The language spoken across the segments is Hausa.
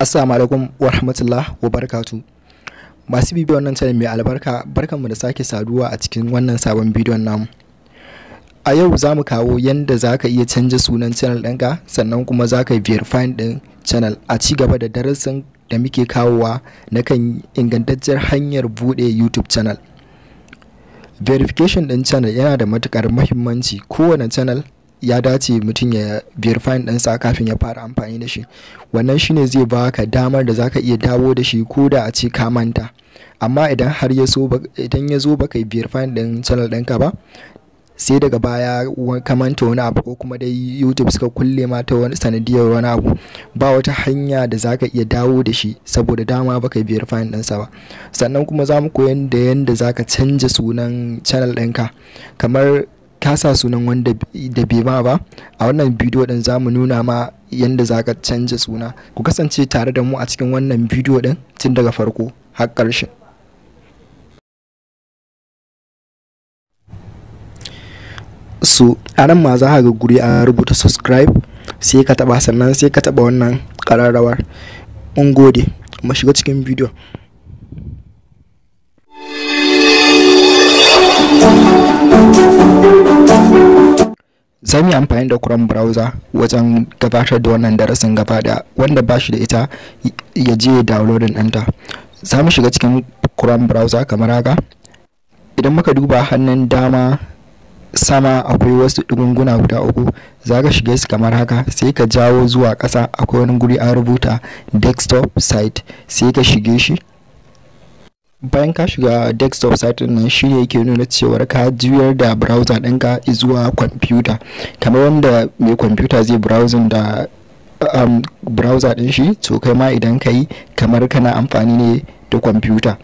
Assalamu alaikum wa rahmatullah wa barakatu. Masu bibiyar wannan channel mai albarka barkanmu da sake saduwa a cikin wannan sabon bidiyon namu. A yau za mu kawo yadda za ka iya canja sunan channel ɗinka sannan kuma za ka verifying ɗin channel a ci gaba da darasin da muke kawowa na kan ingantacciyar hanyar buɗe YouTube channel. Verification ɗin channel yana da matuƙar muhimmanci kowane channel ya dace mutum ya biyar verifying ɗinsa kafin ya fara amfani da shi wannan shine zai ba ka damar da zaka iya dawo da shi ko da a ce ka manta amma idan har ya so idan ya zo baka verifying ɗin channel ɗinka ba sai daga baya ka manta wani abu ko kuma dai youtube suka kulle ma ta wani sanadiyar wani abu ba wata hanya da zaka iya dawo da shi saboda dama baka biyar fayin ɗinsa ba sannan kuma zamu mu koyan da yanda zaka canja sunan channel ɗinka kamar kasa sunan wanda da bai ma ba a wannan bidiyo din za mu nuna ma yadda za ka canja suna ku kasance tare da mu a cikin wannan bidiyo din tun daga farko har ƙarshe so a ma za ka ga guri a rubuta subscribe sai ka taba sannan sai ka taba wannan ƙararrawar mun gode mu shiga cikin bidiyo Zan yi amfani da Chrome browser wajen gabatar da wannan darasin gaba da wanda ba shi da ita ya je downloading ɗanta za mu shiga cikin Chrome browser kamar haka idan muka duba hannun dama sama akwai wasu ɗigunguna guda uku za ka shige su kamar haka sai ka jawo zuwa ƙasa akwai wani guri an rubuta desktop site sai ka shige shi bayan ka shiga desktop site nan shi ne yake nuna cewar ka juyar da browser ɗinka zuwa kwamfuta kamar wanda mai kwamfuta zai browsing da um, browser ɗin shi to kai ma idan ka yi kamar kana amfani ne da kwamfuta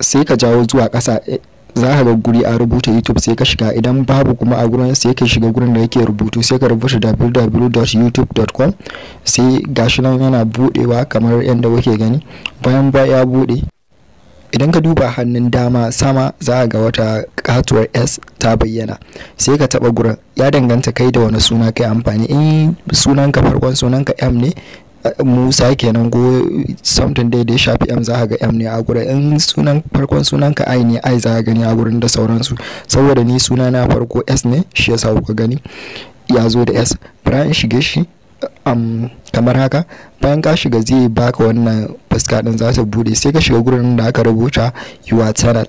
sai ka jawo zuwa ƙasa eh, za ka ga guri a rubuta youtube sai ka shiga idan babu kuma a gurin sai ka shiga gurin da yake rubutu sai ka rubuta www.youtube.com sai gashi nan yana budewa kamar yadda kuke gani bayan ba ya bude idan ka duba hannun dama sama za a ga wata katuwar s ta bayyana sai ka taba gurin ya danganta kai da wani suna kai amfani in sunan ka farkon sunan ka m ne eh, musa kenan go something dai da ya shafi m za a ga m ne a gurin in sunan farkon sunan ka i ne i za a gani a gurin da sauransu saboda ni suna na farko s ne shi yasa kuka gani ya zo da s bayan shige shi um, kamar haka bayan ka shiga zai baka wannan fuska din za ta bude sai ka shiga gurin da aka rubuta your channel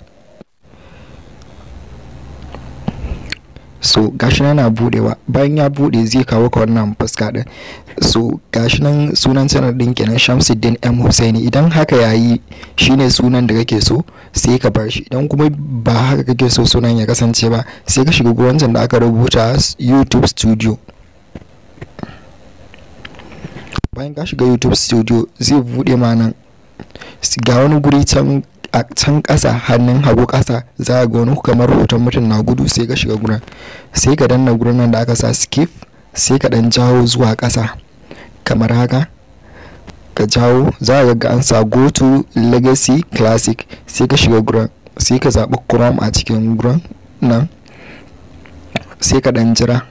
so gashi nan na budewa bayan ya bude zai kawo ka wannan fuska din so gashi nan sunan channel din kenan Shamsuddin M Husaini idan haka yayi shine sunan da kake so sai ka bar shi idan kuma ba haka kake so sunan ya kasance ba sai ka shiga gurin da aka rubuta YouTube studio bayan ka shiga youtube studio zai bude ma nan ga wani guri can a can kasa hannun hagu kasa za ga wani kamar hoton mutum na gudu sai ka shiga gurin sai ka danna gurin nan da aka sa skip sai ka dan jawo zuwa kasa kamar haka ka jawo za a ga an sa go to legacy classic sai ka shiga gurin sai ka zaɓi chrome a cikin gurin nan sai ka dan jira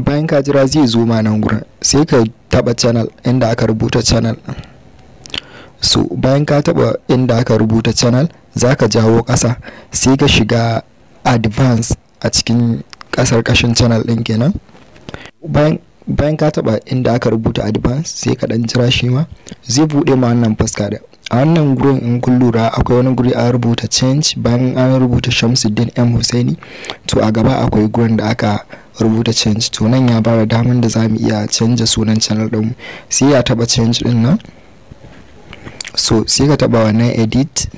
bayan ka jira zai zo ma nan gurin sai ka taba channel inda aka rubuta channel so bayan ka taba inda aka rubuta channel za ka jawo kasa sai ka shiga advance a cikin ƙasar ƙashin channel ɗin kenan bayan bayan ka taba inda aka rubuta advance sai ka dan jira shi ma zai bude ma wannan fuska da a wannan gurin in kun lura akwai wani guri an rubuta change bayan an rubuta shamsuddin m husaini to a gaba akwai gurin da aka rubuta change to nan ya bada damar da zamu iya canja sunan channel din sai ya taba change din nan so sai ka taba wannan edit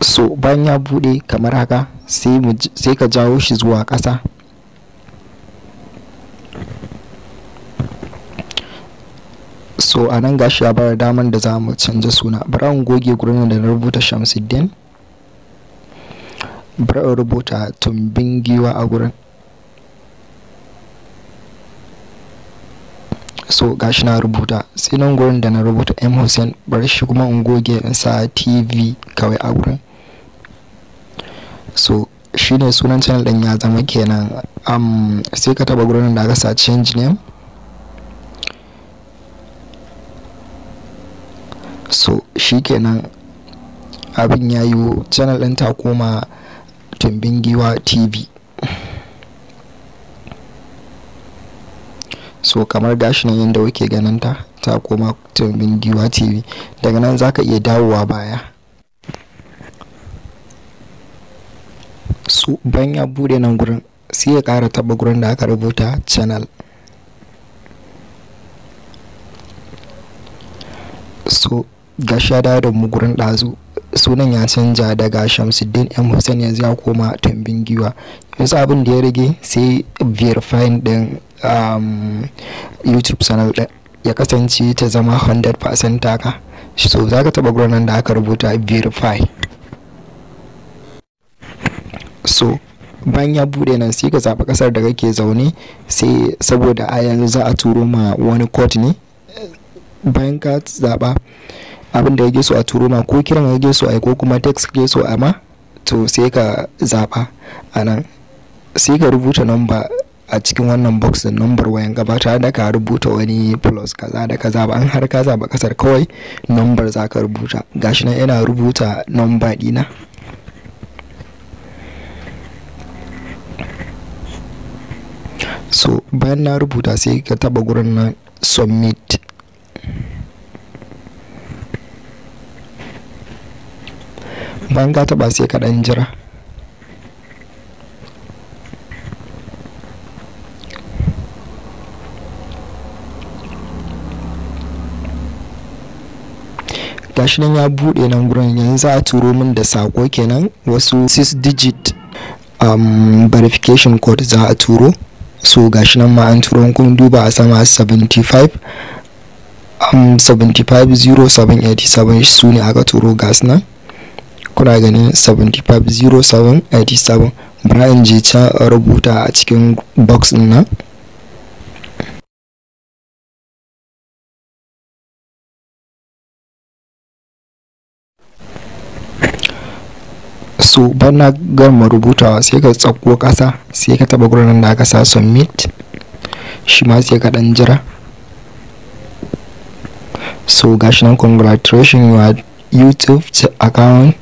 so bayan ya bude kamar haka sai ka jawo shi zuwa ƙasa so a nan gashi ya bada damar da za mu canza suna bari in goge gurin da na rubuta shamsuddin bar in rubuta tumbin giwa a gurin so gashi na rubuta sai gurin da na rubuta m hussein bar shi kuma in goge in sa tv kawai a gurin so shine sunan channel din ya zama kenan um, sai ka taba gurin da aka sa change name so shi kenan abin ya yiwu channel din ta koma tumbin giwa tv so kamar gashi nan yadda wake ganin ta koma tumbin giwa tv daga nan za ka iya dawowa baya so ban ya bude nan gurin sai ya kara taba gurin da aka rubuta channel so gashi ya dawo da mu gurin ɗazu sunan ya canja daga shamsuddin m hussein yanzu ya koma tambin giwa yanzu abin da ya rage sai verifying din um, youtube channel din ya kasance ta zama 100% taka so za ka taba gurnan da aka rubuta verify so bayan ya bude nan sai ka zaɓi ƙasar da kake zaune sai saboda a yanzu za a turo ma wani court ne bayan ka zaɓa abin da ya so a turo ma ko kiran ya so a yi ko kuma text kake so a ma to sai ka zaba a nan sai ka rubuta number a cikin wannan box din number wayan gaba da ka rubuta wani plus kaza da kaza ba an har ka zaba kasar kawai number za ka rubuta gashi nan yana rubuta number dina so bayan na rubuta sai ka taba gurin na submit bayan ka taɓa sai ka dan jira gashi nan ya bude nan gurin yanzu za a turo min da sako kenan wasu 6 digit um, verification code za a turo so gashi nan ma an turo kun duba a sama 75 um, 0787 su ne aka turo gas nan kuna ganin 7507 brian bari in je ca rubuta a cikin box din nan so bana gama rubutawa sai ka tsakko kasa sai ka taba gurin da aka sa submit shi ma sai ka dan jira so gashi nan congratulations your youtube account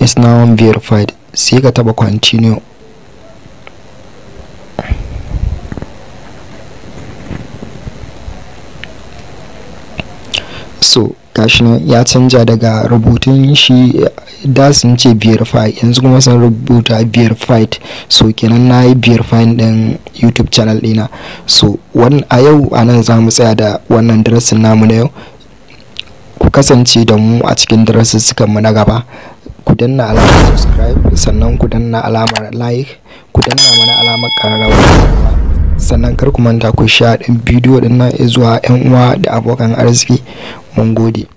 is now verified sai ka taba continue so gashi nan ya canja daga rubutun shi da sun ce verify yanzu kuma sun rubuta verified so kenan na yi verifying din youtube channel dina so a yau a nan za mu tsaya da wannan darasin namu na yau ku kasance da mu a cikin darasin mu na gaba ku danna alamar subscribe sannan ku danna alamar like ku danna mana alamar ƙararrawa sannan kar ku manta ku sha ɗin bidiyo ɗin nan zuwa 'yan uwa da abokan arziki mun gode